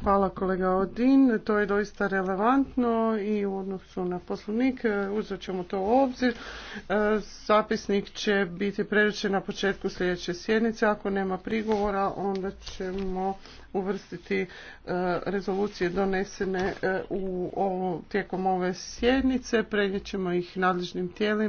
Hvala kolega Odin, to je doista relevantno i u odnosu na poslovnik uzet ćemo to u obzir. E, zapisnik će biti preručen na početku sljedeće sjednice, ako nema prigovora onda ćemo uvrstiti e, rezolucije donesene e, tijekom ove sjednice, prenijet ćemo ih nadležnim tijelima.